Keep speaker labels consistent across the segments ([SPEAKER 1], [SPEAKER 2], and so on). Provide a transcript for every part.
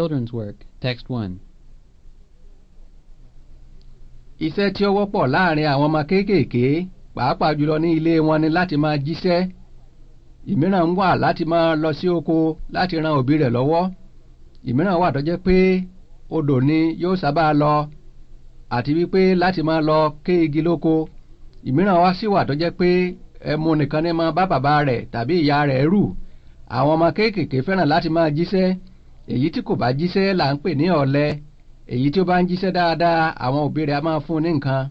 [SPEAKER 1] Children's Work, Text 1. Iṣẹ́ tí ó wọ́pọ̀ láàrin àwọn ọmọ kéékèèké pàápàá jùlọ ní ilé wọn ni láti máa jíṣẹ́. Ìmíràn ń wà láti máa lọ sí oko láti ran òbí rẹ̀ lọ́wọ́. Ìmíràn wà tó jẹ́ pé odò ni yóò sábà lọ àti wípé láti máa lọ ké igi lóko. Ìmíràn wá sì wà tó jẹ́ pé ẹmu nìkan ni máa bá bàbá rẹ̀ tàbí ìyá rẹ̀ rù. Àwọn ọmọ kéékèèké fẹ́ràn láti máa jíṣẹ́ èyí tí kò bá jíṣẹ́ là ń pè ní ọ̀lẹ èyí tí ó bá ń jíṣẹ́ dáadáa àwọn òbí rẹ̀ á máa fún un ní
[SPEAKER 2] nǹkan.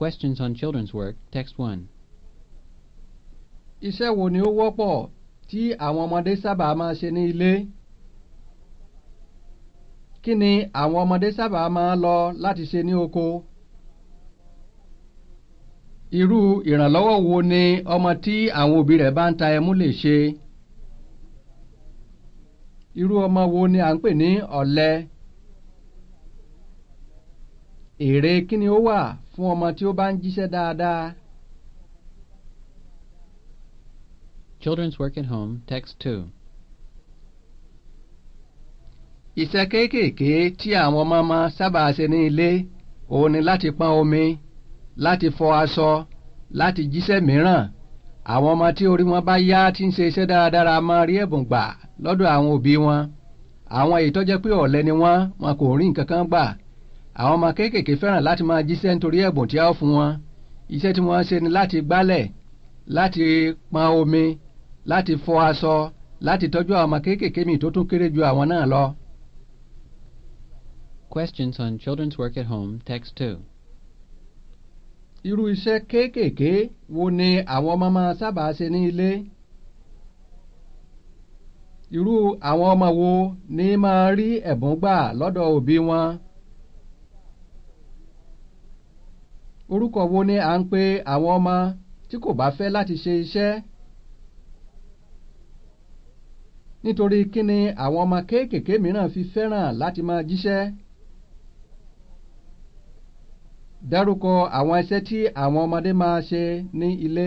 [SPEAKER 2] Questions on children's work, text one.
[SPEAKER 1] Iṣẹ́ wo ni ó wọ́pọ̀ tí àwọn ọmọdé sábà máa ṣe ní ilé? Kí ni àwọn ọmọdé sábà máa lọ láti ṣe ní oko? Irú ìrànlọ́wọ́ wo ni ọmọ tí àwọn òbí rẹ̀ bá ń ta ẹmu lè ṣe? irú ọmọ wo ni à ń pè ní ọ̀lẹ
[SPEAKER 2] èrè kí ni ó wà
[SPEAKER 1] fún ọmọ tí ó bá ń jíṣẹ́ dáadáa.
[SPEAKER 2] Children's Work at Home, Text 2. Iṣẹ́ kéékèèké tí àwọn ọmọ máa sábà ṣe ní
[SPEAKER 1] ilé òun ni láti pọn omi, láti fọ aṣọ, láti jíṣẹ́ mìíràn àwọn ọmọ tí orí wọn bá yá tí ń ṣe iṣẹ́ dáradára máa rí ẹ̀bùn gbà lọ́dọ̀ àwọn òbí wọn àwọn èyí tó jẹ́ pé ọ̀lẹ ni wọ́n wọn kò rí nǹkan kan gbà àwọn ọmọ kéékèèké fẹ́ràn láti máa jíṣẹ́ nítorí ẹ̀bùn tí a ó fún wọn iṣẹ́ tí wọ́n ṣe ni láti gbálẹ̀ láti pọn omi láti fọ aṣọ láti tọ́jú àwọn ọmọ kéékèèké
[SPEAKER 2] mi tó tún kéré ju Questions on children's work at home, text 2 irú iṣẹ́ kéékèèké wo ni
[SPEAKER 1] àwọn ọmọ máa sábà ṣe ní ilé? Irú àwọn ọmọ wo ni máa rí ẹ̀bùn gbà lọ́dọ̀ òbí wọn? Orúkọ wo ni à ń pe àwọn ọmọ tí kò bá fẹ́ láti ṣe iṣẹ́? Nítorí kí ni àwọn ọmọ kéékèèké mìíràn fi fẹ́ràn láti máa jíṣẹ́? dárúkọ àwọn iṣẹ́ tí àwọn ọmọdé máa ṣe ní ilé.